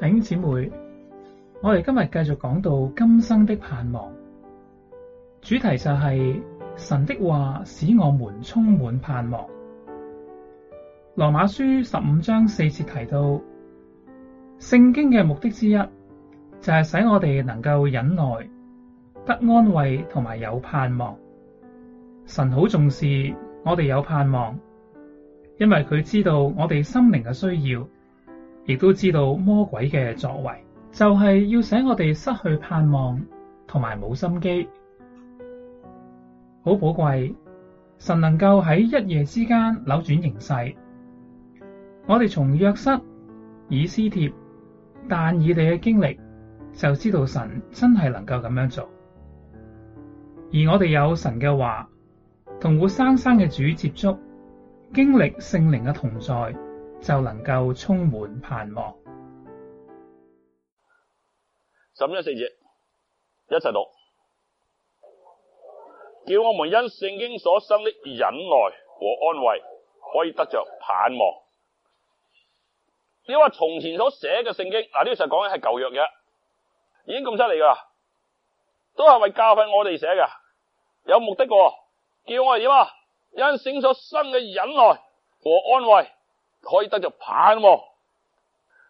弟兄姊妹，我哋今日繼續講到今生的盼望，主題就係、是、神的話使我們充滿盼望。羅馬書十五章四節提到，聖經嘅目的之一就係使我哋能夠忍耐，得安慰同埋有盼望。神好重視我哋有盼望，因為佢知道我哋心靈嘅需要。亦都知道魔鬼嘅作為，就係、是、要使我哋失去盼望同埋冇心機，好寶貴。神能夠喺一夜之間扭轉形勢，我哋從約瑟、以斯帖、但以理嘅經歷就知道神真係能夠咁樣做。而我哋有神嘅話，同活生生嘅主接觸，經歷聖靈嘅同在，就能夠充滿盼望。十五四節，一齊讀，叫我們因聖經所生的忍耐和安慰，可以得着盼望。你話從前所寫嘅聖經，嗱呢啲實講係舊約嘅，已經咁犀利噶，都係為教訓我哋寫嘅，有目的嘅，叫我哋點啊？因聖所生嘅忍耐和安慰。可以得就盼望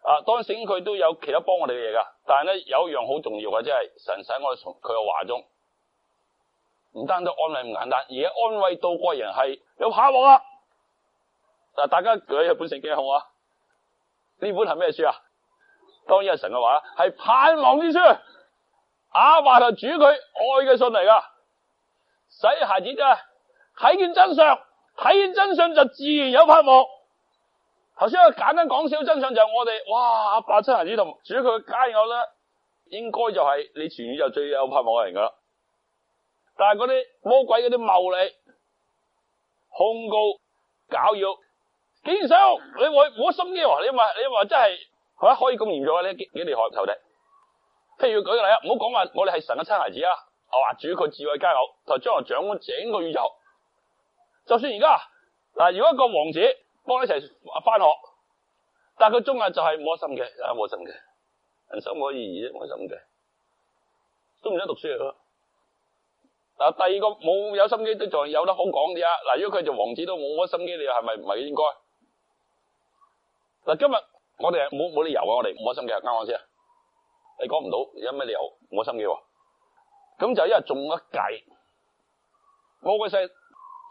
啊！當然佢都有其他幫我哋嘅嘢噶，但係咧有一樣好重要嘅，即係神使我從佢嘅話中，唔單止安慰唔簡單，而且安慰到個人係有盼望啊。嗱、啊，大家舉一本聖經好啊？呢本係咩書啊？當然係神嘅話，係盼望之書。阿話就主佢愛嘅信嚟噶，使孩子啊睇見真相，睇見真相就自然有盼望。頭先我簡單講少真相，就係我哋哇阿爸親孩子同主佢嘅佳偶咧，應該就係你全宇宙最有盼望嘅人噶啦。但係嗰啲魔鬼嗰啲謀利、控告、攪擾、奸商，你會冇心機啊？你話你話真係吓可以咁嚴重啊？你幾幾條河入頭地？譬如舉個例啊，唔好講話我哋係神嘅親孩子啊，話主佢智慧佳偶，就將來掌管整個宇宙。就算而家嗱，如果一個王子。幫你一齊返學，但係佢中日就係冇心機，啊冇心機，人生冇意義，冇心機，都唔想讀書咯。嗱、啊，第二個冇有，有心機都仲有得好講啲啊！嗱、啊，如果佢做王子都冇乜心機，啊，你係咪唔係應該？嗱，今日我哋係冇冇理由嘅，我哋冇心機，啱唔啱先你講唔到有咩理由冇心機喎？咁就因為中咗計？我鬼細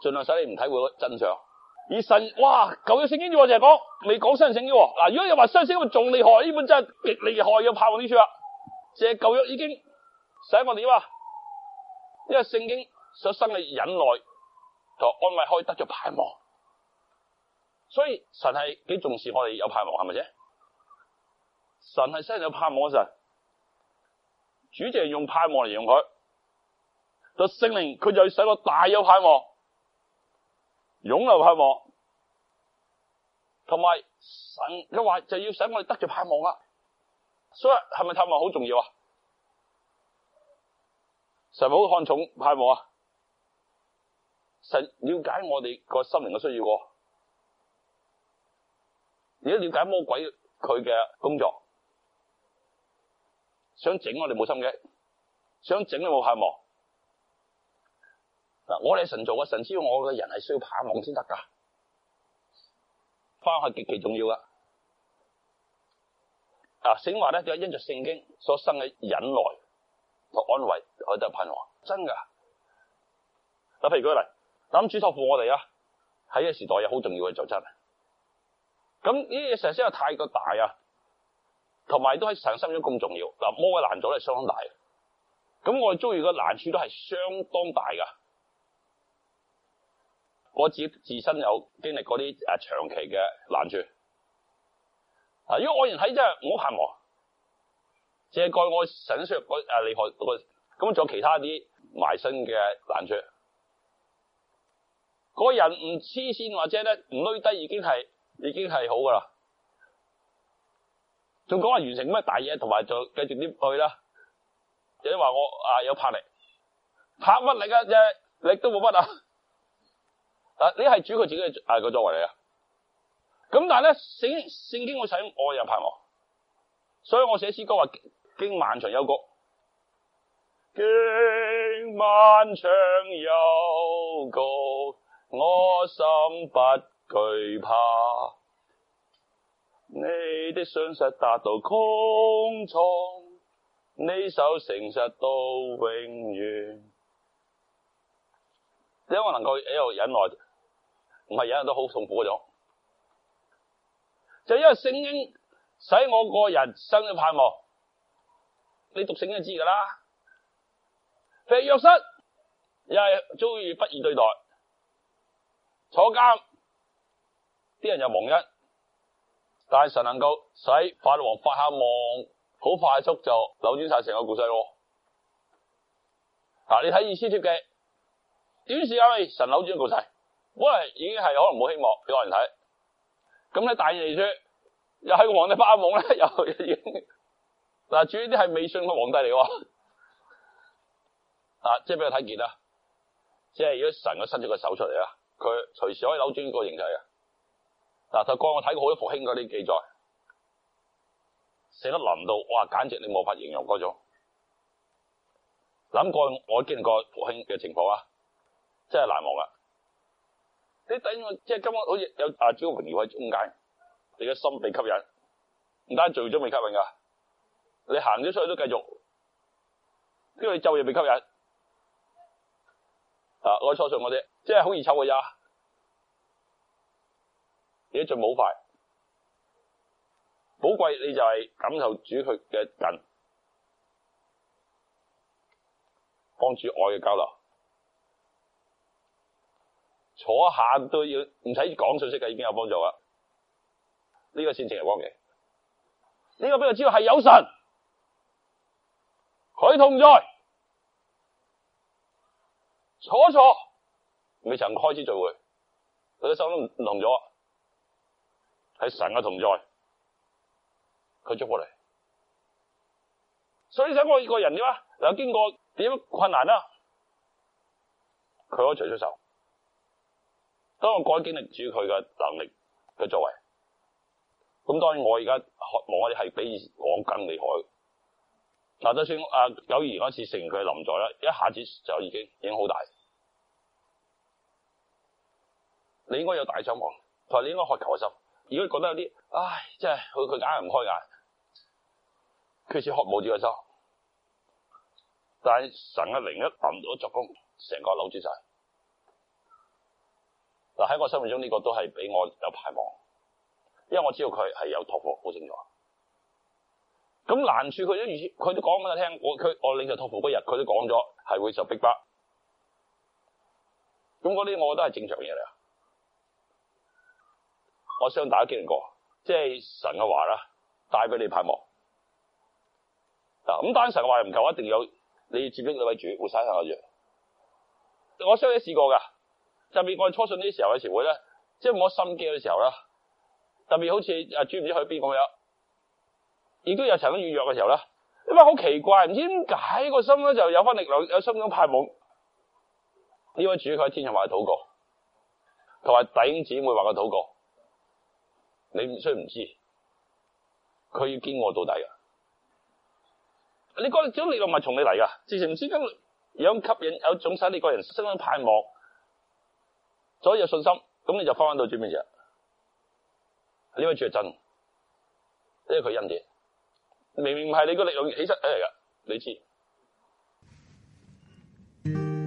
盡量使你唔睇會真相。而神哇，舊約聖聖經就淨係講未講新聖經。嗱，如果有話新聖經仲厲害，呢本真係越厲害嘅盼望點處啦、啊？借舊約已經使一個點因為聖經所生嘅忍耐同安慰可以得着盼望，所以神係幾重視我哋有盼望，係咪啫？神係使人有盼望嘅神，主用來用聖靈就用盼望嚟用佢，就聖靈佢就要使我大有盼望。擁有盼望，同埋神嘅話就要使我哋得著盼望啊，所以係咪盼望好重要呀、啊？神好看重盼望呀、啊。神了解我哋個心靈嘅需要、啊，喎。而家了解魔鬼佢嘅工作，想整我哋冇心機，想整你冇盼望。嗱，我哋神做嘅，神知道我嘅人係需要盼望先得噶，盼望係極其重要噶。啊，聖話咧就係因着聖經所生嘅忍耐同安慰，我哋都盼望真噶。嗱，譬如舉例，諗主托付我哋啊，喺呢、啊、個時代有好重要嘅就質、是。咁呢嘢實在係太過大啊，同埋都喺上心咗咁重要。嗱、啊，魔嘅難阻係相當大的，咁我哋遭遇嘅難處都係相當大噶。我自己自身有經歷嗰啲誒長期嘅難處，啊！因為我人睇真係我冇恆河，只係蓋我神識嗰誒厲害嗰，咁仲有其他啲埋身嘅難處。個人唔黐線或者咧唔累低，已經係已經係好㗎喇。仲講話完成咩大嘢，同埋就繼續啲去啦。有人話我啊有魄力，魄乜力啊？即力都冇乜啊！嗱，你係主佢自己嘅個作為嚟啊！咁但係咧，聖聖經會使我有盼望，所以我寫詩歌話經漫長幽谷，經漫長幽谷，我心不懼怕。你的信實達到穹蒼，你守誠實到永遠，因為我能夠一路忍耐。唔係人人都好痛苦嗰種，就係因為聖經使我個人生了盼望。你讀聖經就知㗎啦，肥約瑟又係遭遇不義對待，坐監，啲人又蒙恩，但係神能夠使法王發下夢，好快速就扭轉晒成個故事咯。嗱，你睇《以斯帖記》，短時間咪神扭轉個故事。本來已經係可能冇希望俾人睇，咁咧大意說又喺皇帝發夢咧，又已經嗱，主要啲係未信嘅皇帝嚟喎，啊，即係俾佢睇見啊，即係如果神佢伸咗個手出嚟啊，佢隨時可以扭轉呢個形勢啊，嗱，就講我睇過好多復興嗰啲記載，寫得淋到哇，簡直你冇法形容嗰種，諗過我見過復興嘅情況啊，真係難忘啊！你等我，即係今日好似有阿招榮耀喺中間，你嘅心被吸引，唔單止做咗被吸引噶，你行咗出去都繼續，因為就嘢被吸引。啊，我初上我哋，即係好易湊嘅呀，而且進步好快，寶貴你就係感受主佢嘅近，幫住愛嘅交流。坐下都要唔使講信息嘅，已經有幫助啦。呢、這個線程係光嘅，呢、這個邊個知道係有神，佢同在，坐坐，未曾開始聚會，佢啲心都唔同咗，係神啊同在，佢捉過嚟，所以想我一個人點啊？嗱，經過點困難啦，佢可除脫手。當我改，經歷住佢嘅能力嘅作為，咁當然我而家渴望我哋係比我更厲害。嗱，就算啊友怡嗰次成，佢臨淋咗啦，一下子就已經影好大。你應該有大期望，佢話你應該學求嘅心，學心一。如果覺得有啲唉，即係佢佢硬唔開眼，佢似學冇住嘅心。但係神嘅靈一撳咗作工，成個扭轉晒。喺我心目中呢個都係俾我有盼望，因為我知道佢係有託付好清楚。咁難處，佢都如，佢都講俾我聽。我佢我領受託付嗰日，佢都講咗係會受逼迫,迫。咁嗰啲我覺得係正常嘢嚟。我相信大家經歷過，即係神嘅話啦，帶俾你盼望。咁單神嘅話唔夠，一定要有你要接俾你為主，活生下嘅樣，我相信你試過噶。特別我初信啲時候嘅時會咧，即係冇心機嘅時候啦。特別好似阿主唔知去邊咁樣，亦都有曾經軟弱嘅時候啦。因為好奇怪，唔知點解個心咧就有翻力量，有心咁盼望。呢位主佢喺天上話禱告，同埋弟兄姊妹話佢禱告，你唔需唔知。佢要堅我到底噶。你覺得呢種力量咪從你嚟噶？自前唔知點樣吸引，有種使你個人心咁盼望。所以有信心，咁你就翻翻到最面。就係呢位主係真，因為佢恩典，明明唔係你個力量起身嚟㗎，你知道。嗯。